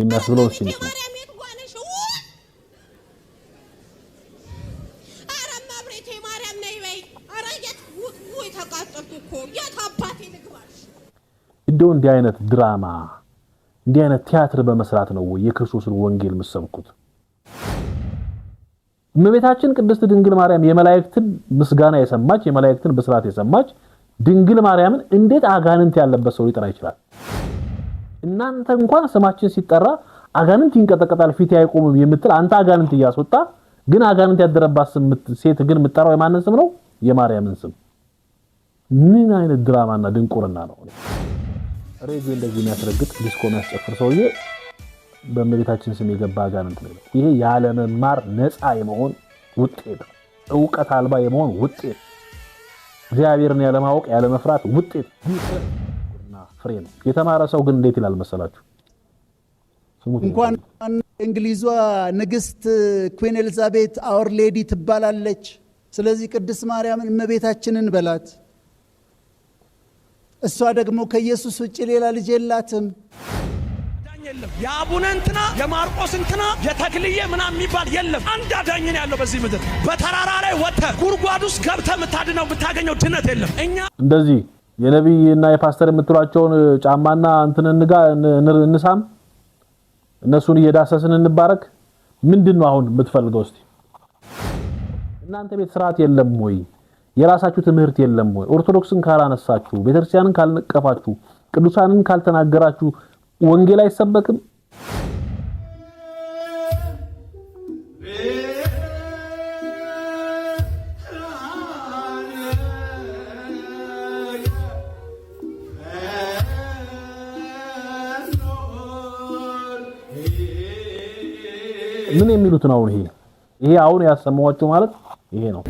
የሚያስብለው ነው። እንደው እንዲህ አይነት ድራማ እንዲህ አይነት ቲያትር በመስራት ነው ወይ የክርስቶስን ወንጌል የምትሰብኩት? እመቤታችን ቅድስት ድንግል ማርያም የመላእክትን ምስጋና የሰማች የመላእክትን ብስራት የሰማች ድንግል ማርያምን እንዴት አጋንንት ያለበት ሰው ሊጠራ ይችላል? እናንተ እንኳን ስማችን ሲጠራ አጋንንት ይንቀጠቀጣል ፊት አይቆምም የምትል አንተ አጋንንት እያስወጣ ግን አጋንንት ያደረባት ሴት ግን የምጠራው የማንን ስም ነው? የማርያምን ስም። ምን አይነት ድራማና ድንቁርና ነው? ሬዲዮ እንደዚህ የሚያስረግጥ ዲስኮ የሚያስጨፍር ሰውዬ በእመቤታችን ስም የገባ አጋንንት ነው። ይሄ ያለመማር ነፃ የመሆን ውጤት እውቀት አልባ የመሆን ውጤት፣ እግዚአብሔርን ያለማወቅ ያለመፍራት ውጤት ፍሬ ነው። የተማረ ሰው ግን እንዴት ይላል መሰላችሁ? እንኳን እንግሊዟ ንግስት ኩን ኤልዛቤት አወር ሌዲ ትባላለች። ስለዚህ ቅድስት ማርያምን እመቤታችንን በላት። እሷ ደግሞ ከኢየሱስ ውጭ ሌላ ልጅ የላትም። የለም የአቡነ እንትና የማርቆስ እንትና የተክልዬ ምና የሚባል የለም። አንድ አዳኝን ያለው በዚህ ምድር በተራራ ላይ ወተ ጉርጓድ ውስጥ ገብተ የምታድነው የምታገኘው ድነት የለም። እኛ እንደዚህ የነቢይ እና የፓስተር የምትሏቸውን ጫማና እንትን እንጋ እንሳም፣ እነሱን እየዳሰስን እንባረክ። ምንድን ነው አሁን የምትፈልገው? እስቲ እናንተ ቤት ስርዓት የለም ወይ? የራሳችሁ ትምህርት የለም ወይ? ኦርቶዶክስን ካላነሳችሁ፣ ቤተክርስቲያንን ካልነቀፋችሁ፣ ቅዱሳንን ካልተናገራችሁ ወንጌል አይሰበክም። ምን የሚሉት ነው? ይሄ ይሄ አሁን ያሰማዋቸው ማለት ይሄ ነው።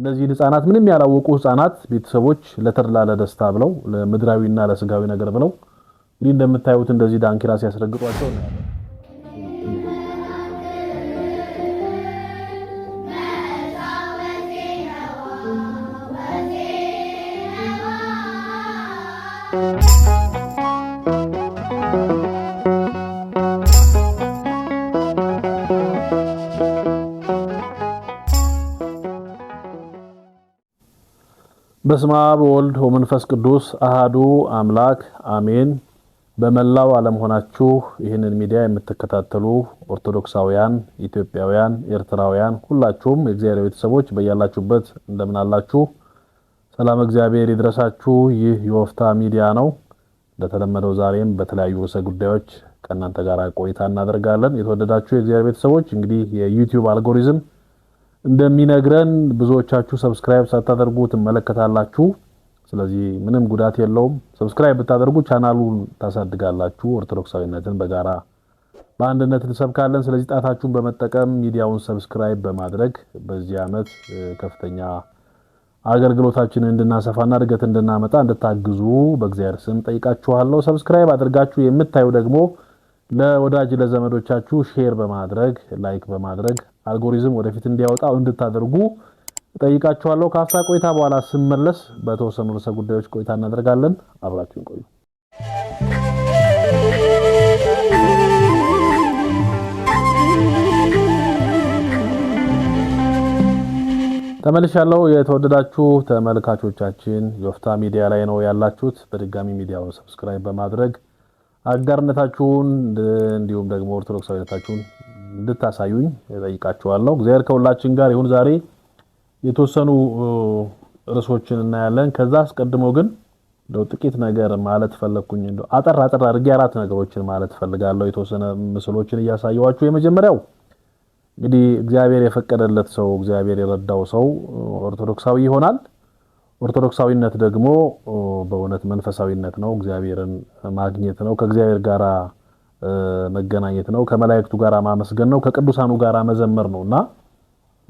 እነዚህን ህጻናት ምንም ያላወቁ ህጻናት ቤተሰቦች ለተድላ ለደስታ ብለው ለምድራዊና ለስጋዊ ነገር ብለው እንግዲህ እንደምታዩት እንደዚህ ዳንኪራ ሲያስረግጧቸው ነው በስመ አብ ወልድ ወመንፈስ ቅዱስ አሃዱ አምላክ አሜን። በመላው ዓለም ሆናችሁ ይህንን ሚዲያ የምትከታተሉ ኦርቶዶክሳውያን፣ ኢትዮጵያውያን፣ ኤርትራውያን ሁላችሁም የእግዚአብሔር ቤተሰቦች በያላችሁበት እንደምን አላችሁ? ሰላም እግዚአብሔር ይድረሳችሁ። ይህ የወፍታ ሚዲያ ነው። እንደተለመደው ዛሬም በተለያዩ ርዕሰ ጉዳዮች ከእናንተ ጋር ቆይታ እናደርጋለን። የተወደዳችሁ የእግዚአብሔር ቤተሰቦች እንግዲህ የዩቲዩብ አልጎሪዝም እንደሚነግረን ብዙዎቻችሁ ሰብስክራይብ ሳታደርጉ ትመለከታላችሁ። ስለዚህ ምንም ጉዳት የለውም። ሰብስክራይብ ብታደርጉ ቻናሉን ታሳድጋላችሁ። ኦርቶዶክሳዊነትን በጋራ በአንድነት እንሰብካለን። ስለዚህ ጣታችሁን በመጠቀም ሚዲያውን ሰብስክራይብ በማድረግ በዚህ ዓመት ከፍተኛ አገልግሎታችንን እንድናሰፋና እድገት እንድናመጣ እንድታግዙ በእግዚአብሔር ስም ጠይቃችኋለሁ። ሰብስክራይብ አድርጋችሁ የምታዩ ደግሞ ለወዳጅ ለዘመዶቻችሁ ሼር በማድረግ ላይክ በማድረግ አልጎሪዝም ወደፊት እንዲያወጣው እንድታደርጉ ጠይቃችኋለሁ። ከአፍታ ቆይታ በኋላ ስመለስ በተወሰኑ ርዕሰ ጉዳዮች ቆይታ እናደርጋለን። አብራችሁን ቆዩ። ተመልሽ ያለው የተወደዳችሁ ተመልካቾቻችን የወፍታ ሚዲያ ላይ ነው ያላችሁት። በድጋሚ ሚዲያውን ሰብስክራይብ በማድረግ አጋርነታችሁን እንዲሁም ደግሞ ኦርቶዶክሳዊነታችሁን እንድታሳዩኝ እጠይቃችኋለሁ። እግዚአብሔር ከሁላችን ጋር ይሁን። ዛሬ የተወሰኑ ርዕሶችን እናያለን። ከዛ አስቀድሞ ግን እንደው ጥቂት ነገር ማለት ፈለግኩኝ። እንደው አጠር አጠር አድርጌ አራት ነገሮችን ማለት ፈልጋለሁ፣ የተወሰነ ምስሎችን እያሳየዋችሁ። የመጀመሪያው እንግዲህ እግዚአብሔር የፈቀደለት ሰው እግዚአብሔር የረዳው ሰው ኦርቶዶክሳዊ ይሆናል። ኦርቶዶክሳዊነት ደግሞ በእውነት መንፈሳዊነት ነው። እግዚአብሔርን ማግኘት ነው። ከእግዚአብሔር ጋር መገናኘት ነው። ከመላእክቱ ጋር ማመስገን ነው። ከቅዱሳኑ ጋር መዘመር እና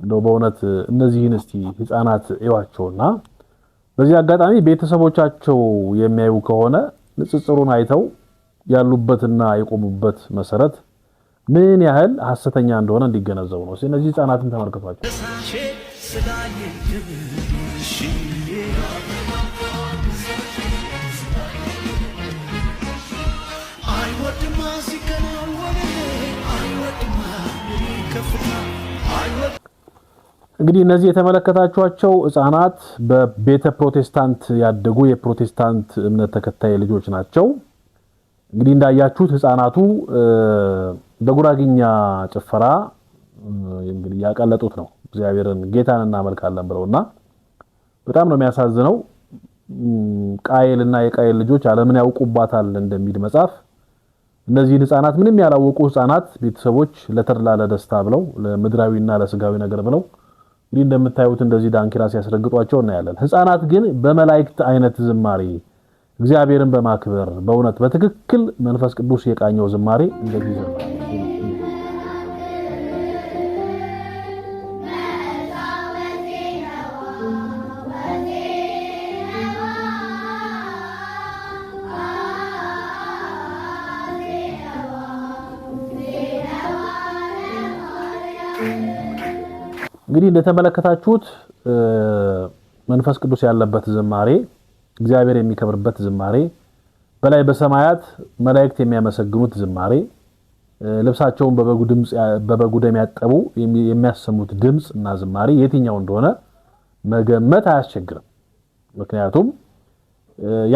እንደው በእውነት እነዚህን እስቲ ህፃናት እዩዋቸውና በዚህ አጋጣሚ ቤተሰቦቻቸው የሚያዩ ከሆነ ንጽጽሩን አይተው ያሉበትና የቆሙበት መሰረት ምን ያህል ሀሰተኛ እንደሆነ እንዲገነዘቡ ነው። እነዚህ ህፃናትን ተመልክቷቸው እንግዲህ እነዚህ የተመለከታችኋቸው ህጻናት በቤተ ፕሮቴስታንት ያደጉ የፕሮቴስታንት እምነት ተከታይ ልጆች ናቸው። እንግዲህ እንዳያችሁት ህጻናቱ በጉራግኛ ጭፈራ እንግዲህ ያቀለጡት ነው። እግዚአብሔርን ጌታን እናመልካለን ብለውና በጣም ነው የሚያሳዝነው። ቃየል እና የቃየል ልጆች ዓለምን ያውቁባታል እንደሚል መጽሐፍ እነዚህን ህፃናት ምንም ያላወቁ ህፃናት ቤተሰቦች ለተድላ ለደስታ ብለው ለምድራዊና ለስጋዊ ነገር ብለው እንግዲህ እንደምታዩት እንደዚህ ዳንኪራ ሲያስረግጧቸው እናያለን። ህፃናት ግን በመላእክት አይነት ዝማሬ እግዚአብሔርን በማክበር በእውነት በትክክል መንፈስ ቅዱስ የቃኘው ዝማሬ እንደዚህ እንግዲህ እንደተመለከታችሁት መንፈስ ቅዱስ ያለበት ዝማሬ፣ እግዚአብሔር የሚከብርበት ዝማሬ፣ በላይ በሰማያት መላእክት የሚያመሰግኑት ዝማሬ፣ ልብሳቸውን በበጉ ደም ያጠቡ የሚያሰሙት ድምፅ እና ዝማሬ የትኛው እንደሆነ መገመት አያስቸግርም። ምክንያቱም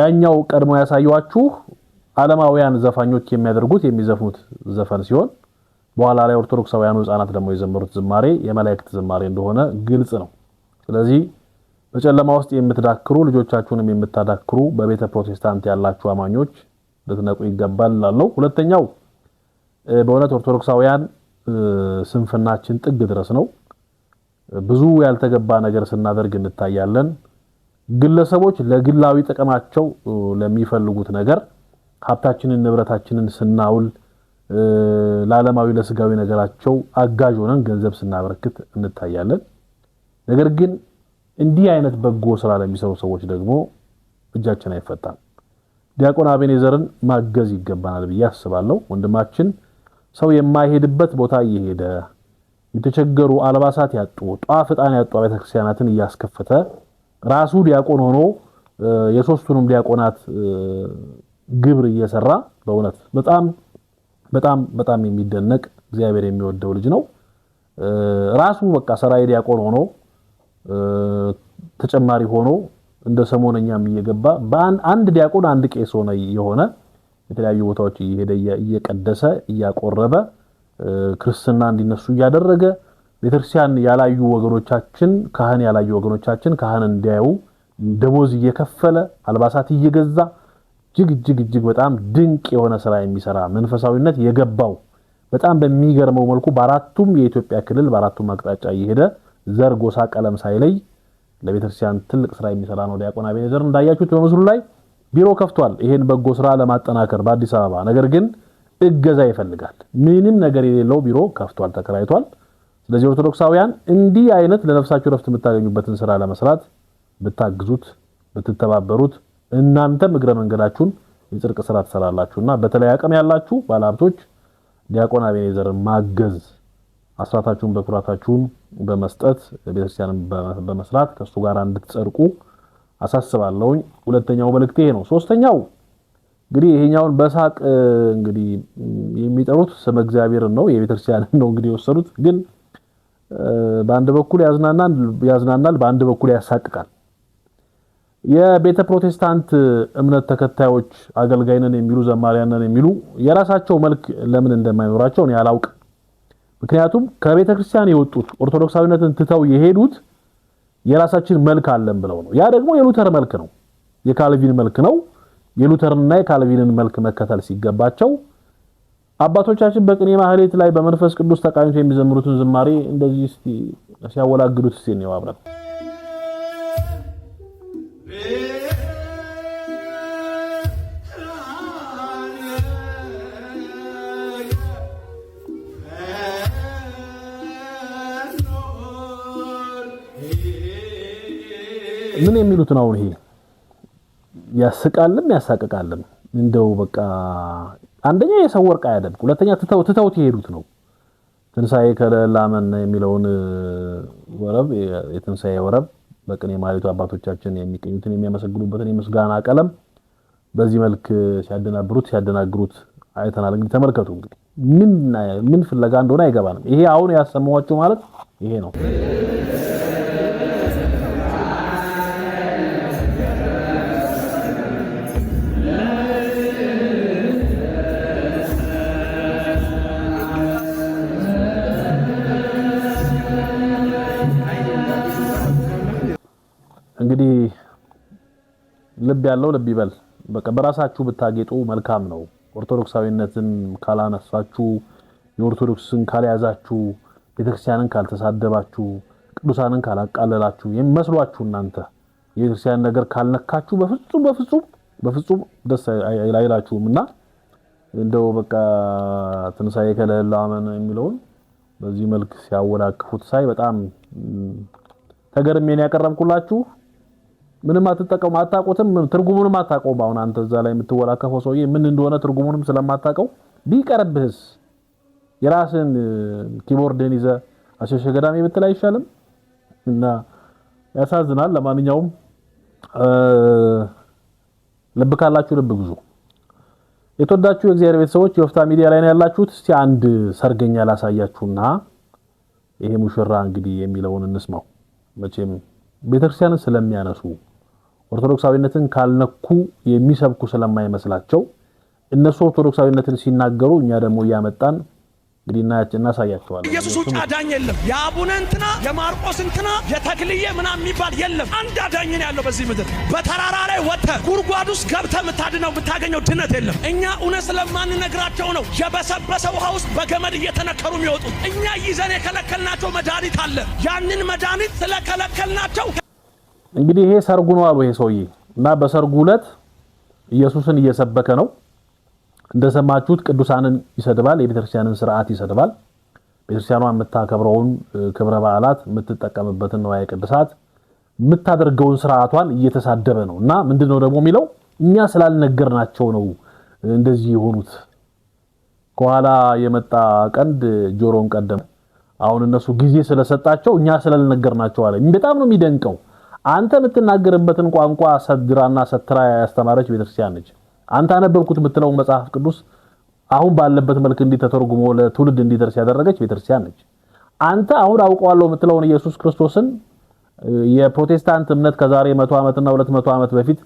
ያኛው ቀድሞ ያሳየኋችሁ ዓለማውያን ዘፋኞች የሚያደርጉት የሚዘፍኑት ዘፈን ሲሆን በኋላ ላይ ኦርቶዶክሳውያኑ ህጻናት ደግሞ የዘመሩት ዝማሬ የመላእክት ዝማሬ እንደሆነ ግልጽ ነው። ስለዚህ በጨለማ ውስጥ የምትዳክሩ ልጆቻችሁንም የምታዳክሩ በቤተ ፕሮቴስታንት ያላችሁ አማኞች ልትነቁ ይገባል እላለሁ። ሁለተኛው በእውነት ኦርቶዶክሳውያን ስንፍናችን ጥግ ድረስ ነው። ብዙ ያልተገባ ነገር ስናደርግ እንታያለን። ግለሰቦች ለግላዊ ጥቅማቸው ለሚፈልጉት ነገር ሀብታችንን፣ ንብረታችንን ስናውል ለዓለማዊ ለስጋዊ ነገራቸው አጋዥ ሆነን ገንዘብ ስናበረክት እንታያለን። ነገር ግን እንዲህ አይነት በጎ ስራ ለሚሰሩ ሰዎች ደግሞ እጃችን አይፈታም። ዲያቆን አቤኔዘርን ማገዝ ይገባናል ብዬ አስባለሁ። ወንድማችን ሰው የማይሄድበት ቦታ እየሄደ የተቸገሩ አልባሳት ያጡ ጧፍ ዕጣን ያጡ ቤተክርስቲያናትን እያስከፈተ ራሱ ዲያቆን ሆኖ የሶስቱንም ዲያቆናት ግብር እየሰራ በእውነት በጣም በጣም በጣም የሚደነቅ እግዚአብሔር የሚወደው ልጅ ነው። ራሱ በቃ ሰራይ ዲያቆን ሆኖ ተጨማሪ ሆኖ እንደ ሰሞነኛም እየገባ አንድ ዲያቆን አንድ ቄስ ሆነ የሆነ የተለያዩ ቦታዎች እየሄደ እየቀደሰ እያቆረበ ክርስትና እንዲነሱ እያደረገ ቤተክርስቲያን ያላዩ ወገኖቻችን ካህን ያላዩ ወገኖቻችን ካህን እንዲያዩ ደሞዝ እየከፈለ አልባሳት እየገዛ እጅግ እጅግ እጅግ በጣም ድንቅ የሆነ ስራ የሚሰራ መንፈሳዊነት የገባው በጣም በሚገርመው መልኩ በአራቱም የኢትዮጵያ ክልል በአራቱም አቅጣጫ እየሄደ ዘር፣ ጎሳ፣ ቀለም ሳይለይ ለቤተክርስቲያን ትልቅ ስራ የሚሰራ ነው ዲያቆን አቤኔዘር። እንዳያችሁት በምስሉ ላይ ቢሮ ከፍቷል፣ ይሄን በጎ ስራ ለማጠናከር በአዲስ አበባ። ነገር ግን እገዛ ይፈልጋል። ምንም ነገር የሌለው ቢሮ ከፍቷል፣ ተከራይቷል። ስለዚህ ኦርቶዶክሳውያን እንዲህ አይነት ለነፍሳችሁ ረፍት የምታገኙበትን ስራ ለመስራት ብታግዙት፣ ብትተባበሩት እናንተም እግረ መንገዳችሁን የጽድቅ ስራ ትሰራላችሁና በተለይ አቅም ያላችሁ ባለሀብቶች ዲያቆን አቤኔዘርን ማገዝ አስራታችሁን በኩራታችሁን በመስጠት ቤተክርስቲያንን በመስራት ከእሱ ጋር እንድትጸድቁ አሳስባለሁኝ። ሁለተኛው መልእክት ይሄ ነው። ሶስተኛው እንግዲህ ይሄኛውን በሳቅ እንግዲህ የሚጠሩት ስመ እግዚአብሔርን ነው የቤተክርስቲያንን ነው እንግዲህ የወሰዱት። ግን በአንድ በኩል ያዝናናል፣ በአንድ በኩል ያሳቅቃል። የቤተ ፕሮቴስታንት እምነት ተከታዮች አገልጋይነን የሚሉ ዘማሪያንን የሚሉ የራሳቸው መልክ ለምን እንደማይኖራቸው እኔ አላውቅም። ምክንያቱም ከቤተ ክርስቲያን የወጡት ኦርቶዶክሳዊነትን ትተው የሄዱት የራሳችን መልክ አለን ብለው ነው። ያ ደግሞ የሉተር መልክ ነው፣ የካልቪን መልክ ነው። የሉተርንና የካልቪንን መልክ መከተል ሲገባቸው አባቶቻችን በቅኔ ማህሌት ላይ በመንፈስ ቅዱስ ተቃኝቶ የሚዘምሩትን ዝማሬ እንደዚህ ሲያወላግዱት እስቲ ነው አብረን ምን የሚሉት ነው? አሁን ይሄ ያስቃልም ያሳቅቃልም። እንደው በቃ አንደኛ የሰው ወርቅ አያደም፣ ሁለተኛ ትተው ትተውት የሄዱት ነው። ትንሳኤ ከለላመን የሚለውን ወረብ የትንሳኤ ወረብ በቅኔ ማኅሌቱ አባቶቻችን የሚቀኙትን የሚያመሰግኑበትን የምስጋና ቀለም በዚህ መልክ ሲያደናብሩት ሲያደናግሩት አይተናል። እንግዲህ ተመልከቱ እንግዲህ ምን ምን ፍለጋ እንደሆነ አይገባንም። ይሄ አሁን ያሰማኋችሁ ማለት ይሄ ነው። ልብ ያለው ልብ ይበል። በቃ በራሳችሁ ብታጌጡ መልካም ነው። ኦርቶዶክሳዊነትን ካላነሳችሁ፣ የኦርቶዶክስን ካልያዛችሁ፣ ቤተክርስቲያንን ካልተሳደባችሁ፣ ቅዱሳንን ካላቃለላችሁ የሚመስሏችሁ እናንተ የቤተክርስቲያን ነገር ካልነካችሁ በፍጹም በፍጹም በፍጹም ደስ አይላችሁም እና እንደው በቃ ትንሳኤ ከለላመን የሚለውን በዚህ መልክ ሲያወላክፉት ሳይ በጣም ተገርሜን ያቀረብኩላችሁ። ምንም አትጠቀሙ፣ አታውቁትም፣ ትርጉሙንም አታውቀውም። አሁን አንተ እዛ ላይ የምትወላከፈው ሰውዬ ምን እንደሆነ ትርጉሙንም ስለማታውቀው ቢቀርብህስ የራስን ኪቦርድን ይዘ አሸሸ ገዳሜ ብትል አይሻልም? እና ያሳዝናል። ለማንኛውም ልብ ካላችሁ ልብ ግዙ። የተወዳችሁ የእግዚአብሔር ቤተሰቦች የወፍታ ሚዲያ ላይ ነው ያላችሁት። እስቲ አንድ ሰርገኛ ላሳያችሁና ይሄ ሙሽራ እንግዲህ የሚለውን እንስማው። መቼም ቤተክርስቲያንን ስለሚያነሱ ኦርቶዶክሳዊነትን ካልነኩ የሚሰብኩ ስለማይመስላቸው እነሱ ኦርቶዶክሳዊነትን ሲናገሩ እኛ ደግሞ እያመጣን እንግዲህ እናሳያቸዋለን። ኢየሱስ ውጭ አዳኝ የለም። የአቡነ እንትና የማርቆስ እንትና የተክልዬ ምና የሚባል የለም። አንድ አዳኝ ነው ያለው በዚህ ምድር። በተራራ ላይ ወጥተ ጉድጓድ ውስጥ ገብተ የምታድነው የምታገኘው ድነት የለም። እኛ እውነት ስለማንነግራቸው ነው የበሰበሰ ውሃ ውስጥ በገመድ እየተነከሩ የሚወጡት። እኛ ይዘን የከለከልናቸው መድኃኒት አለ። ያንን መድኃኒት ስለከለከልናቸው እንግዲህ ይሄ ሰርጉ ነው አሉ ይሄ ሰውዬ እና በሰርጉ ዕለት ኢየሱስን እየሰበከ ነው። እንደሰማችሁት ቅዱሳንን ይሰድባል፣ የቤተክርስቲያንን ስርዓት ይሰድባል። ቤተክርስቲያኗ የምታከብረውን ክብረ በዓላት የምትጠቀምበትን ነዋየ ቅድሳት የምታደርገውን ስርዓቷን እየተሳደበ ነው እና ምንድን ነው ደግሞ የሚለው እኛ ስላልነገርናቸው ነው እንደዚህ የሆኑት። ከኋላ የመጣ ቀንድ ጆሮን ቀደመ። አሁን እነሱ ጊዜ ስለሰጣቸው እኛ ስላልነገርናቸው አለ። በጣም ነው የሚደንቀው። አንተ የምትናገርበትን ቋንቋ ሰድራና ሰትራ ያስተማረች ቤተክርስቲያን ነች። አንተ አነበብኩት የምትለው መጽሐፍ ቅዱስ አሁን ባለበት መልክ እንዲተተርጉሞ ተተርጉሞ ለትውልድ እንዲደርስ ያደረገች ቤተክርስቲያን ነች። አንተ አሁን አውቀዋለሁ የምትለውን ኢየሱስ ክርስቶስን የፕሮቴስታንት እምነት ከዛሬ 100 ዓመትና 200 ዓመት በፊት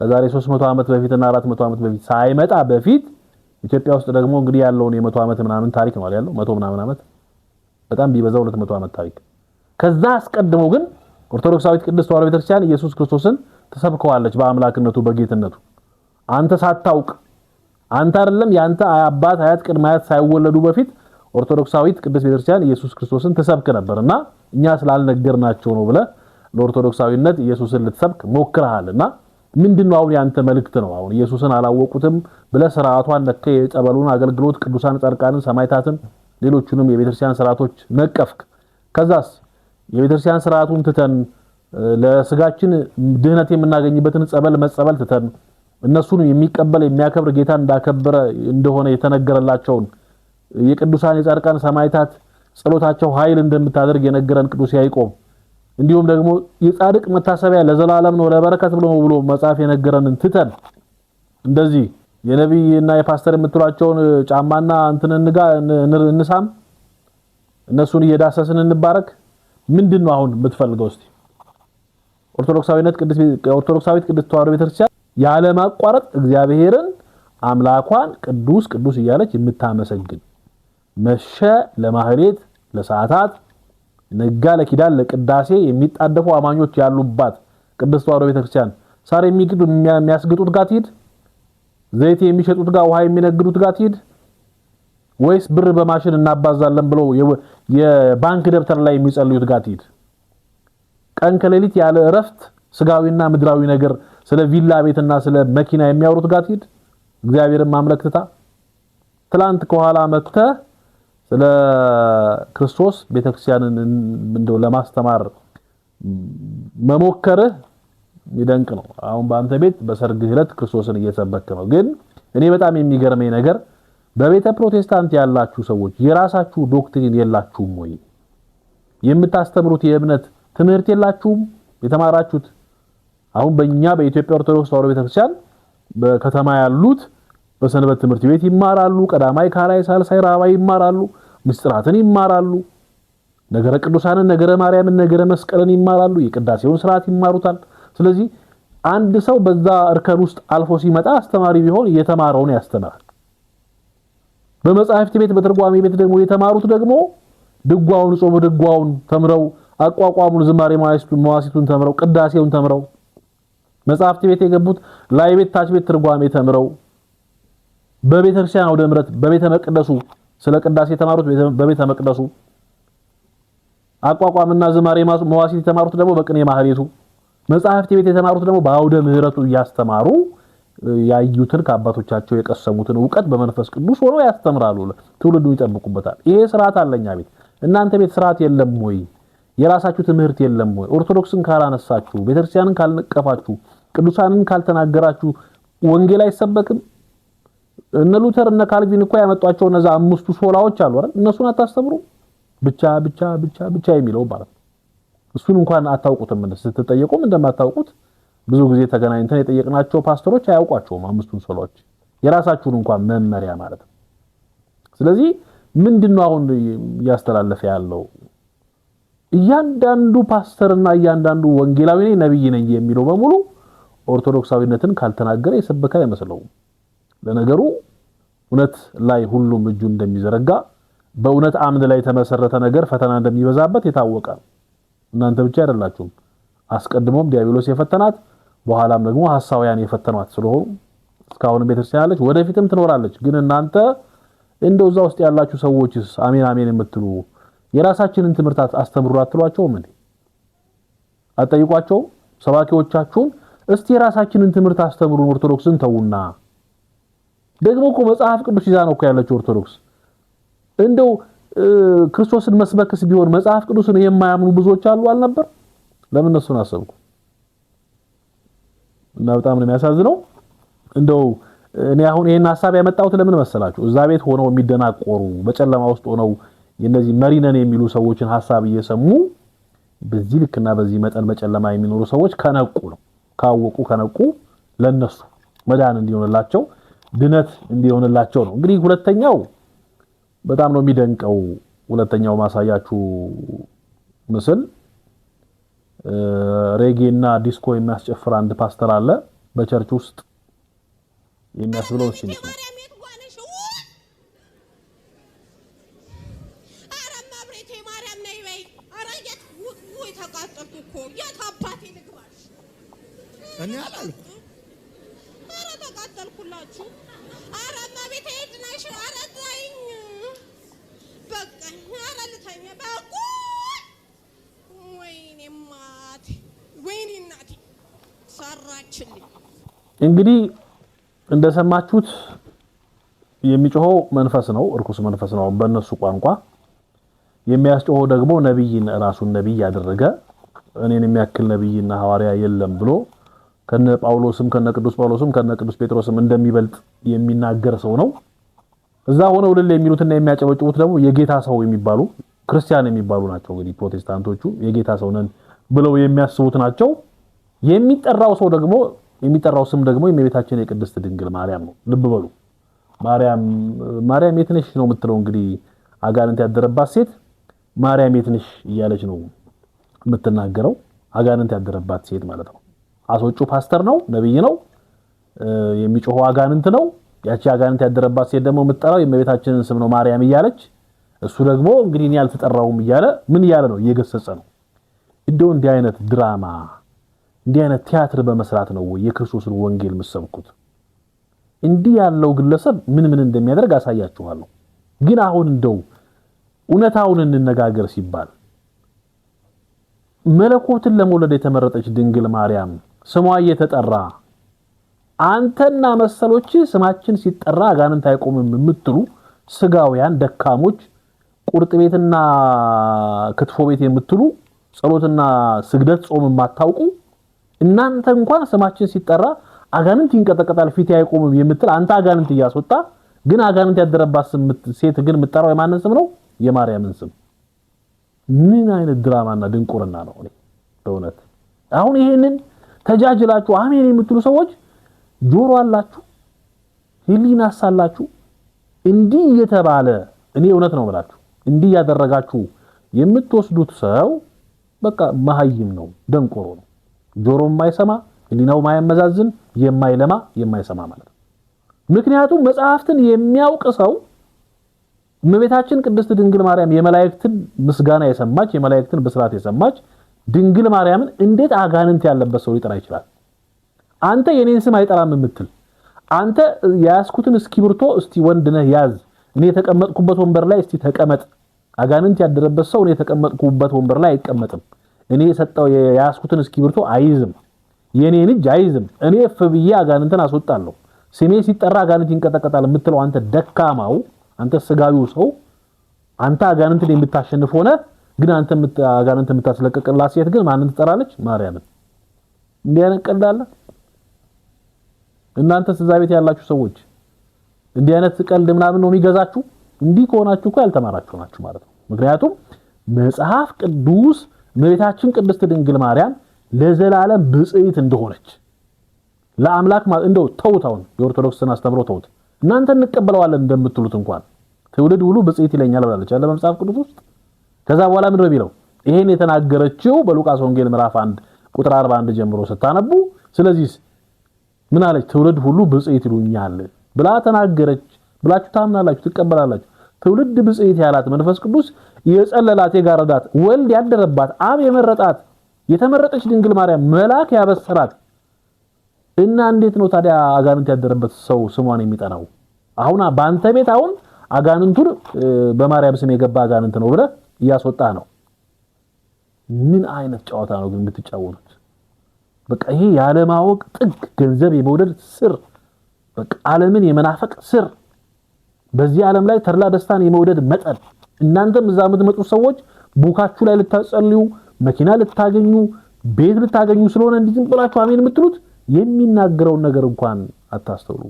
ከዛሬ 300 ዓመት በፊትና 400 ዓመት በፊት ሳይመጣ በፊት ኢትዮጵያ ውስጥ ደግሞ እንግዲህ ያለውን የመቶ ዓመት ምናምን ታሪክ ነው ያለው። መቶ ምናምን ዓመት በጣም ቢበዛ 200 ዓመት ታሪክ ከዛ አስቀድሞ ግን ኦርቶዶክሳዊት ቅድስት ተዋሕዶ ቤተክርስቲያን ኢየሱስ ክርስቶስን ትሰብከዋለች በአምላክነቱ በጌትነቱ አንተ ሳታውቅ አንተ አይደለም የአንተ አባት አያት ቅድመ አያት ሳይወለዱ በፊት ኦርቶዶክሳዊት ቅድስት ቤተክርስቲያን ኢየሱስ ክርስቶስን ትሰብክ ነበርና እኛ ስላልነገርናቸው ነው ብለ ለኦርቶዶክሳዊነት ኢየሱስን ልትሰብክ ሞክረሃልና ምንድን ነው አሁን ያንተ መልእክት ነው? አሁን ኢየሱስን አላወቁትም ብለህ ስርዓቷን ነከ የጸበሉን አገልግሎት ቅዱሳን ጸድቃንን ሰማይታትን ሌሎቹንም የቤተክርስቲያን ስርዓቶች ነቀፍክ። ከዛስ የቤተክርስቲያን ስርዓቱን ትተን ለስጋችን ድህነት የምናገኝበትን ጸበል መጸበል ትተን እነሱን የሚቀበል የሚያከብር ጌታ እንዳከበረ እንደሆነ የተነገረላቸውን የቅዱሳን የጻድቃን ሰማዕታት ጸሎታቸው ኃይል እንደምታደርግ የነገረን ቅዱስ ያዕቆብ እንዲሁም ደግሞ የጻድቅ መታሰቢያ ለዘላለም ነው ለበረከት ብሎ ብሎ መጽሐፍ የነገረንን ትተን እንደዚህ የነቢይና የፓስተር የምትሏቸውን ጫማና እንትን እንጋ እንሳም እነሱን እየዳሰስን እንባረክ። ምንድን ነው አሁን የምትፈልገው? እስቲ ኦርቶዶክሳዊነት ቅዱስ ኦርቶዶክሳዊት ቅድስት ተዋሕዶ ቤተክርስቲያን ያለማቋረጥ እግዚአብሔርን አምላኳን ቅዱስ ቅዱስ እያለች የምታመሰግን መሸ ለማህሌት ለሰዓታት ነጋ ለኪዳን ለቅዳሴ የሚጣደፉ አማኞች ያሉባት ቅድስት ተዋህዶ ቤተክርስቲያን ሳር የሚያስግጡት ጋር ትሂድ፣ ዘይት የሚሸጡት ጋር ውሃ የሚነግዱት ጋር ትሂድ። ወይስ ብር በማሽን እናባዛለን ብሎ የባንክ ደብተር ላይ የሚጸልዩት ጋር ትሂድ። ቀን ከሌሊት ያለ እረፍት ስጋዊና ምድራዊ ነገር ስለ ቪላ ቤትና ስለ መኪና የሚያወሩት ጋር ትሂድ። እግዚአብሔርን ማምለክ ትታ ትላንት ከኋላ መጥተ ስለ ክርስቶስ ቤተክርስቲያንን እንደው ለማስተማር መሞከርህ ይደንቅ ነው። አሁን በአንተ ቤት በሰርግ ዕለት ክርስቶስን እየሰበክ ነው። ግን እኔ በጣም የሚገርመኝ ነገር በቤተ ፕሮቴስታንት ያላችሁ ሰዎች የራሳችሁ ዶክትሪን የላችሁም ወይ? የምታስተምሩት የእምነት ትምህርት የላችሁም? የተማራችሁት አሁን በእኛ በኢትዮጵያ ኦርቶዶክስ ተዋሕዶ ቤተክርስቲያን በከተማ ያሉት በሰንበት ትምህርት ቤት ይማራሉ። ቀዳማይ፣ ካላይ፣ ሳልሳይ፣ ራባይ ይማራሉ። ምስጢራትን ይማራሉ። ነገረ ቅዱሳንን፣ ነገረ ማርያምን፣ ነገረ መስቀልን ይማራሉ። የቅዳሴውን ስርዓት ይማሩታል። ስለዚህ አንድ ሰው በዛ እርከን ውስጥ አልፎ ሲመጣ አስተማሪ ቢሆን የተማረውን ያስተምራል። በመጻሕፍት ቤት በትርጓሜ ቤት ደግሞ የተማሩት ደግሞ ድጓውን ጾመ ድጓውን ተምረው አቋቋሙን ዝማሬ መዋሲቱን ተምረው ቅዳሴውን ተምረው መጻሕፍት ቤት የገቡት ላይ ቤት ታች ቤት ትርጓሜ ተምረው በቤተ ክርስቲያን አውደ ምሕረት በቤተ መቅደሱ ስለ ቅዳሴ የተማሩት በቤተ መቅደሱ አቋቋምና ዝማሬ መዋሲት የተማሩት ደግሞ በቅኔ ማህሌቱ መጻሕፍት ቤት የተማሩት ደግሞ በአውደ ምሕረቱ እያስተማሩ ያዩትን ከአባቶቻቸው የቀሰሙትን እውቀት በመንፈስ ቅዱስ ሆኖ ያስተምራሉ፣ ትውልዱ ይጠብቁበታል። ይሄ ስርዓት አለኛ ቤት እናንተ ቤት ስርዓት የለም ወይ? የራሳችሁ ትምህርት የለም ወይ? ኦርቶዶክስን ካላነሳችሁ፣ ቤተክርስቲያንን ካልነቀፋችሁ፣ ቅዱሳንን ካልተናገራችሁ ወንጌል አይሰበክም። እነ ሉተር እነ ካልቪን እኮ ያመጧቸው እነዛ አምስቱ ሶላዎች አሉ አይደል? እነሱን አታስተምሩ ብቻ ብቻ ብቻ ብቻ የሚለው ማለት እሱን እንኳን አታውቁትም፣ ስትጠየቁም እንደማታውቁት ብዙ ጊዜ ተገናኝተን የጠየቅናቸው ፓስተሮች አያውቋቸውም አምስቱን ሶላዎች የራሳችሁን እንኳን መመሪያ ማለት ነው። ስለዚህ ምንድነው አሁን እያስተላለፈ ያለው? እያንዳንዱ ፓስተርና እያንዳንዱ ወንጌላዊ ነኝ ነብይ ነኝ የሚለው በሙሉ ኦርቶዶክሳዊነትን ካልተናገረ የሰበከ አይመስለውም። ለነገሩ እውነት ላይ ሁሉም እጁ እንደሚዘረጋ በእውነት አምድ ላይ የተመሰረተ ነገር ፈተና እንደሚበዛበት የታወቀ እናንተ ብቻ አይደላችሁም። አስቀድሞም ዲያብሎስ የፈተናት በኋላም ደግሞ ሐሳውያን የፈተኗት ስለሆኑ እስካሁንም ቤተክርስቲያን አለች፣ ወደፊትም ትኖራለች። ግን እናንተ እንደው እዛ ውስጥ ያላችሁ ሰዎችስ አሜን አሜን የምትሉ የራሳችንን ትምህርት አስተምሩ አትሏቸውም እንዴ? አትጠይቋቸውም? ሰባኪዎቻችሁም እስቲ የራሳችንን ትምህርት አስተምሩን፣ ኦርቶዶክስን ተዉና። ደግሞ እኮ መጽሐፍ ቅዱስ ይዛ ነው እኮ ያለችው ኦርቶዶክስ። እንደው ክርስቶስን መስበክስ ቢሆን መጽሐፍ ቅዱስን የማያምኑ ብዙዎች አሉ አልነበር? ለምን እነሱን አሰብኩ? እና በጣም ነው የሚያሳዝነው። እንደው እኔ አሁን ይሄን ሀሳብ ያመጣሁት ለምን መሰላችሁ? እዛ ቤት ሆነው የሚደናቆሩ በጨለማ ውስጥ ሆነው የነዚህ መሪነን የሚሉ ሰዎችን ሀሳብ እየሰሙ በዚህ ልክና በዚህ መጠን በጨለማ የሚኖሩ ሰዎች ከነቁ ነው ካወቁ ከነቁ ለነሱ መዳን እንዲሆንላቸው ድነት እንዲሆንላቸው ነው። እንግዲህ ሁለተኛው በጣም ነው የሚደንቀው። ሁለተኛው ማሳያችሁ ምስል ሬጌ እና ዲስኮ የሚያስጨፍር አንድ ፓስተር አለ በቸርች ውስጥ የሚያስብለው እሱ ነው። እንግዲህ እንደሰማችሁት የሚጮኸው መንፈስ ነው፣ እርኩስ መንፈስ ነው በእነሱ ቋንቋ። የሚያስጮኸው ደግሞ ነቢይን ራሱን ነቢይ ያደረገ እኔን የሚያክል ነቢይና ሐዋርያ የለም ብሎ ከነ ጳውሎስም ከነ ቅዱስ ጳውሎስም ከነ ቅዱስ ጴጥሮስም እንደሚበልጥ የሚናገር ሰው ነው። እዛ ሆነው ልል የሚሉትና የሚያጨበጭቡት ደግሞ የጌታ ሰው የሚባሉ ክርስቲያን የሚባሉ ናቸው። እንግዲህ ፕሮቴስታንቶቹ የጌታ ሰው ነን ብለው የሚያስቡት ናቸው። የሚጠራው ሰው ደግሞ የሚጠራው ስም ደግሞ የእመቤታችን የቅድስት ድንግል ማርያም ነው። ልብ በሉ ማርያም ማርያም የትንሽ ነው የምትለው እንግዲህ አጋንንት ያደረባት ሴት ማርያም የትነሽ እያለች ነው የምትናገረው። አጋንንት ያደረባት ሴት ማለት ነው። አስወጩ ፓስተር ነው፣ ነብይ ነው፣ የሚጮኸው አጋንንት ነው። ያቺ አጋንንት ያደረባት ሴት ደግሞ የምትጠራው የእመቤታችንን ስም ነው ማርያም እያለች እሱ ደግሞ እንግዲህ እኔ አልተጠራውም እያለ ምን እያለ ነው እየገሰጸ ነው። እንደው እንዲህ አይነት ድራማ እንዲህ አይነት ቲያትር በመስራት ነው ወይ የክርስቶስን ወንጌል የምሰብኩት? እንዲህ ያለው ግለሰብ ምን ምን እንደሚያደርግ አሳያችኋለሁ። ግን አሁን እንደው እውነታውን እንነጋገር ሲባል መለኮትን ለመውለድ የተመረጠች ድንግል ማርያም ስሟ እየተጠራ አንተና መሰሎች ስማችን ሲጠራ አጋንንት አይቆምም የምትሉ ስጋውያን ደካሞች ቁርጥ ቤትና ክትፎ ቤት የምትሉ ጸሎትና ስግደት ጾም የማታውቁ እናንተ እንኳን ስማችን ሲጠራ አጋንንት ይንቀጠቀጣል ፊት አይቆምም የምትል አንተ አጋንንት እያስወጣ ግን አጋንንት ያደረባት ስም ሴት ግን የምትጠራው የማንን ስም ነው? የማርያምን ስም። ምን አይነት ድራማና ድንቁርና ነው? እኔ በእውነት አሁን ይሄንን ተጃጅላችሁ አሜን የምትሉ ሰዎች ጆሮ አላችሁ? ህሊናስ ሳላችሁ? እንዲህ እየተባለ እኔ እውነት ነው ብላችሁ እንዲህ ያደረጋችሁ የምትወስዱት ሰው በቃ መሀይም ነው፣ ደንቆሮ ነው። ጆሮ የማይሰማ ህሊናው ማያመዛዝን የማይለማ የማይሰማ ማለት ነው። ምክንያቱም መጽሐፍትን የሚያውቅ ሰው እመቤታችን ቅድስት ድንግል ማርያም የመላእክትን ምስጋና የሰማች የመላእክትን ብስራት የሰማች ድንግል ማርያምን እንዴት አጋንንት ያለበት ሰው ሊጠራ ይችላል? አንተ የኔን ስም አይጠራም የምትል አንተ የያዝኩትን እስክሪብቶ እስቲ ወንድ ነህ ያዝ፣ እኔ የተቀመጥኩበት ወንበር ላይ እስቲ ተቀመጥ። አጋንንት ያደረበት ሰው እኔ የተቀመጥኩበት ወንበር ላይ አይቀመጥም። እኔ የሰጠው የያዝኩትን እስክሪብቶ አይዝም፣ የኔን እጅ አይዝም። እኔ እፍ ብዬ አጋንንትን አስወጣለሁ፣ ስሜ ሲጠራ አጋንንት ይንቀጠቀጣል የምትለው አንተ ደካማው፣ አንተ ስጋዊው ሰው፣ አንተ አጋንንትን የምታሸንፍ ሆነ ግን አንተ አጋንንት የምታስለቀቅላት ሴት ግን ማንን ትጠራለች? ማርያምን። እንዲህ አይነት ቀልድ አለ? እናንተስ እዛ ቤት ያላችሁ ሰዎች እንዲህ አይነት ቀልድ ምናምን ነው የሚገዛችሁ? እንዲህ ከሆናችሁ እኮ ያልተማራችሁ ናችሁ ማለት ነው። ምክንያቱም መጽሐፍ ቅዱስ እመቤታችን ቅድስት ድንግል ማርያም ለዘላለም ብጽዕት እንደሆነች ለአምላክ እንደው ተውታውን የኦርቶዶክስን አስተምሮ ተውት እናንተ እንቀበለዋለን እንደምትሉት እንኳን ትውልድ ሁሉ ብጽዕት ይለኛል ብላለች አለ በመጽሐፍ ቅዱስ ውስጥ ከዛ በኋላ ምድረ ቢለው ይሄን የተናገረችው በሉቃስ ወንጌል ምዕራፍ 1 ቁጥር 41 ጀምሮ ስታነቡ ስለዚህ ምን አለች ትውልድ ሁሉ ብጽዕት ይሉኛል ብላ ተናገረች ብላችሁ ታምናላችሁ ትቀበላላችሁ ትውልድ ብጽዕት ያላት መንፈስ ቅዱስ የጸለላት የጋረዳት ወልድ ያደረባት አብ የመረጣት የተመረጠች ድንግል ማርያም መልአክ ያበሰራት እና እንዴት ነው ታዲያ አጋንንት ያደረበት ሰው ስሟን የሚጠራው? አሁን በአንተ ቤት አሁን አጋንንቱን በማርያም ስም የገባ አጋንንት ነው ብለ እያስወጣ ነው። ምን አይነት ጨዋታ ነው ግን የምትጫወቱት? በቃ ይሄ ያለማወቅ ጥግ፣ ገንዘብ የመውደድ ስር፣ በቃ ዓለምን የመናፈቅ ስር፣ በዚህ ዓለም ላይ ተድላ ደስታን የመውደድ መጠን እናንተም እዛ የምትመጡ ሰዎች ቡካችሁ ላይ ልታጸልዩ፣ መኪና ልታገኙ፣ ቤት ልታገኙ ስለሆነ እንዲህ ዝም ብላችሁ አሜን የምትሉት የሚናገረውን ነገር እንኳን አታስተውሉ።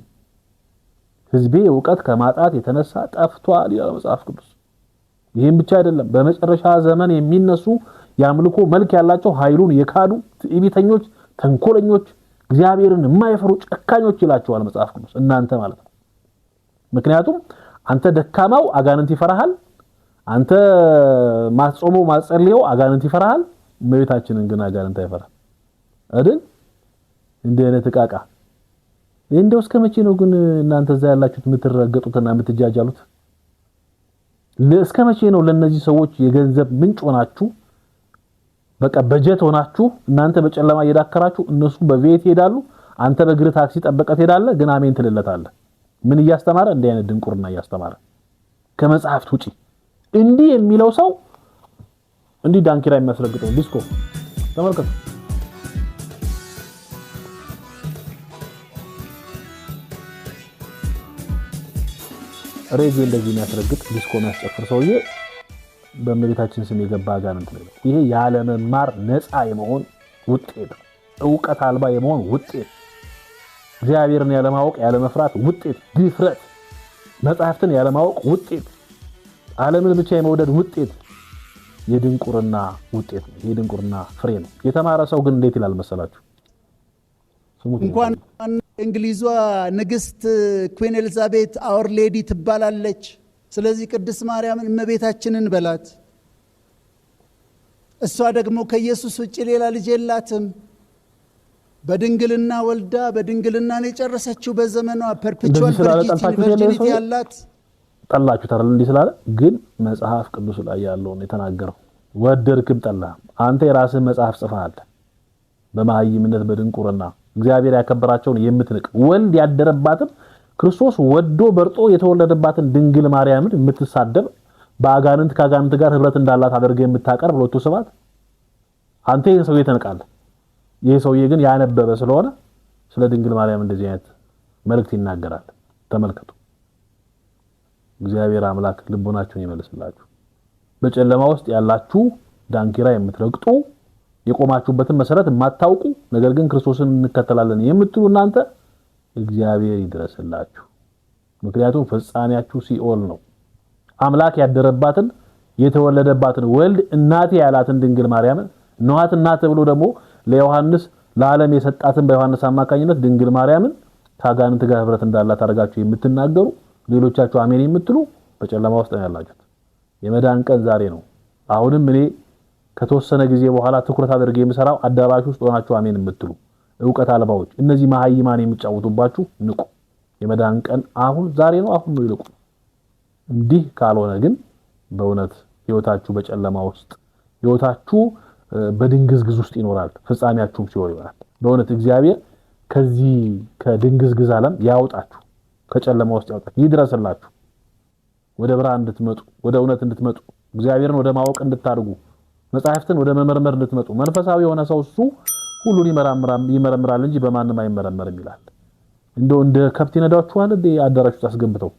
ህዝቤ እውቀት ከማጣት የተነሳ ጠፍቷል ይላል መጽሐፍ ቅዱስ። ይህም ብቻ አይደለም። በመጨረሻ ዘመን የሚነሱ የአምልኮ መልክ ያላቸው ኃይሉን የካዱ ትዕቢተኞች፣ ተንኮለኞች፣ እግዚአብሔርን የማይፈሩ ጨካኞች ይላቸዋል መጽሐፍ ቅዱስ እናንተ ማለት ነው። ምክንያቱም አንተ ደካማው አጋንንት ይፈራሃል አንተ ማጾሙ ማጸልየው አጋንንት ይፈራሃል። እመቤታችንን ግን አጋንንት አይፈራል አይደል? እንዲህ አይነት እቃቃ እንደው እስከ መቼ ነው ግን እናንተ እዛ ያላችሁት የምትረገጡትና የምትጃጃሉት? እስከ መቼ ነው ለነዚህ ሰዎች የገንዘብ ምንጭ ሆናችሁ በቃ በጀት ሆናችሁ እናንተ በጨለማ እየዳከራችሁ እነሱ በቤት ይሄዳሉ። አንተ በእግር ታክሲ ጠበቀ ትሄዳለህ፣ ግን አሜን ትልለታለ። ምን እያስተማረ እንዲህ አይነት ድንቁርና እያስተማረ ከመጽሐፍት ውጪ እንዲህ የሚለው ሰው እንዲህ ዳንኪራ የሚያስረግጠው ዲስኮ ተመልከቱ። ሬዲዮ እንደዚህ የሚያስረግጥ ዲስኮ የሚያስጨፍር ሰውዬ በእመቤታችን ስም የገባ አጋንንት ነው። ይሄ ያለመማር ነፃ የመሆን ውጤት፣ እውቀት አልባ የመሆን ውጤት፣ እግዚአብሔርን ያለማወቅ ያለመፍራት ውጤት፣ ድፍረት፣ መጽሐፍትን ያለማወቅ ውጤት ዓለምን ብቻ የመውደድ ውጤት የድንቁርና ውጤት ነው። የድንቁርና ፍሬ ነው። የተማረ ሰው ግን እንዴት ይላል መሰላችሁ? እንኳን እንግሊዟ ንግስት ኩዊን ኤልዛቤት አወር ሌዲ ትባላለች። ስለዚህ ቅድስት ማርያምን እመቤታችንን በላት። እሷ ደግሞ ከኢየሱስ ውጭ ሌላ ልጅ የላትም። በድንግልና ወልዳ በድንግልና ነው የጨረሰችው። በዘመኗ ፐርፔቹዋል ቨርጂኒቲ ያላት ጠላችሁ ተረል እንዲህ ስላለ ግን መጽሐፍ ቅዱስ ላይ ያለውን የተናገረው ወደድክም ጠላ አንተ የራስህ መጽሐፍ ጽፈሃል። በመሃይምነት በድንቁርና እግዚአብሔር ያከበራቸውን የምትንቅ ወልድ ያደረባትም ክርስቶስ ወዶ በርጦ የተወለደባትን ድንግል ማርያምን የምትሳደብ በአጋንንት ከአጋንንት ጋር ህብረት እንዳላት አድርገ የምታቀርብ ሁለቱ ስብሐት አንተ ይህን ሰውዬ ትንቃለህ። ይህ ሰውዬ ግን ያነበበ ስለሆነ ስለ ድንግል ማርያም እንደዚህ አይነት መልእክት ይናገራል። ተመልከቱ። እግዚአብሔር አምላክ ልቦናችሁን ይመልስላችሁ። በጨለማ ውስጥ ያላችሁ ዳንኪራ የምትረግጡ የቆማችሁበትን መሰረት የማታውቁ ነገር ግን ክርስቶስን እንከተላለን የምትሉ እናንተ እግዚአብሔር ይድረስላችሁ። ምክንያቱም ፍጻሜያችሁ ሲኦል ነው። አምላክ ያደረባትን የተወለደባትን ወልድ እናቴ ያላትን ድንግል ማርያምን ነዋት እናት ብሎ ደግሞ ለዮሐንስ ለዓለም የሰጣትን በዮሐንስ አማካኝነት ድንግል ማርያምን ከአጋንንት ጋር ህብረት እንዳላት አድርጋችሁ የምትናገሩ ሌሎቻችሁ አሜን የምትሉ በጨለማ ውስጥ ነው ያላችሁት። የመዳን ቀን ዛሬ ነው። አሁንም እኔ ከተወሰነ ጊዜ በኋላ ትኩረት አድርጌ የምሰራው አዳራሽ ውስጥ ሆናችሁ አሜን የምትሉ እውቀት አልባዎች፣ እነዚህ መሀይማን የሚጫወቱባችሁ ንቁ። የመዳን ቀን አሁን ዛሬ ነው። አሁን ነው ይልቁ። እንዲህ ካልሆነ ግን በእውነት ህይወታችሁ በጨለማ ውስጥ ህይወታችሁ በድንግዝግዝ ውስጥ ይኖራል። ፍጻሜያችሁም ሲሆን ይሆናል። በእውነት እግዚአብሔር ከዚህ ከድንግዝግዝ ዓለም ያውጣችሁ። ከጨለማ ውስጥ ያውጣችሁ፣ ይድረስላችሁ፣ ወደ ብርሃን እንድትመጡ፣ ወደ እውነት እንድትመጡ፣ እግዚአብሔርን ወደ ማወቅ እንድታድጉ፣ መጻሕፍትን ወደ መመርመር እንድትመጡ። መንፈሳዊ የሆነ ሰው እሱ ሁሉን ይመረምራል እንጂ በማንም አይመረመርም ይላል። እንደው እንደ ከብት ይነዳችኋል እንዴ? አዳራሽ ውስጥ አስገብተው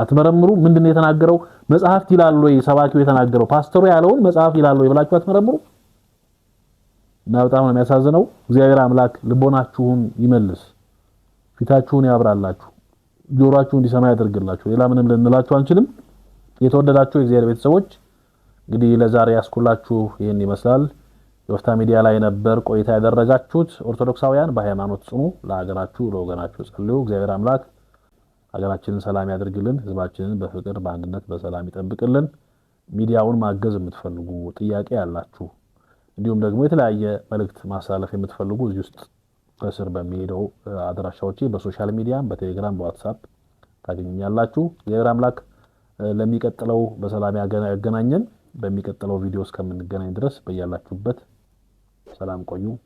አትመረምሩ። ምንድን ነው የተናገረው? መጽሐፍት ይላል ወይ? ሰባኪው የተናገረው ፓስተሩ ያለውን መጽሐፍት ይላል ወይ ብላችሁ አትመረምሩ። እና በጣም ነው የሚያሳዝነው። እግዚአብሔር አምላክ ልቦናችሁን ይመልስ፣ ፊታችሁን ያብራላችሁ። ጆሮአችሁ እንዲሰማ ያደርግላችሁ። ሌላ ምንም ልንላችሁ አንችልም። የተወደዳችሁ የእግዚአብሔር ቤተሰቦች እንግዲህ ለዛሬ ያስኩላችሁ ይህን ይመስላል። የወፍታ ሚዲያ ላይ ነበር ቆይታ ያደረጋችሁት። ኦርቶዶክሳውያን በሃይማኖት ጽኑ፣ ለሀገራችሁ ለወገናችሁ ጸልዩ። እግዚአብሔር አምላክ ሀገራችንን ሰላም ያድርግልን፣ ህዝባችንን በፍቅር በአንድነት በሰላም ይጠብቅልን። ሚዲያውን ማገዝ የምትፈልጉ ጥያቄ ያላችሁ፣ እንዲሁም ደግሞ የተለያየ መልእክት ማስተላለፍ የምትፈልጉ እዚህ ውስጥ በስር በሚሄደው አድራሻዎች በሶሻል ሚዲያም በቴሌግራም በዋትሳፕ ታገኙኛላችሁ። እግዚአብሔር አምላክ ለሚቀጥለው በሰላም ያገናኘን። በሚቀጥለው ቪዲዮ እስከምንገናኝ ድረስ በያላችሁበት ሰላም ቆዩ።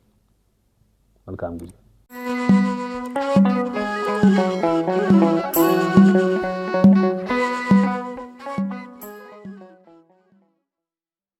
መልካም ጊዜ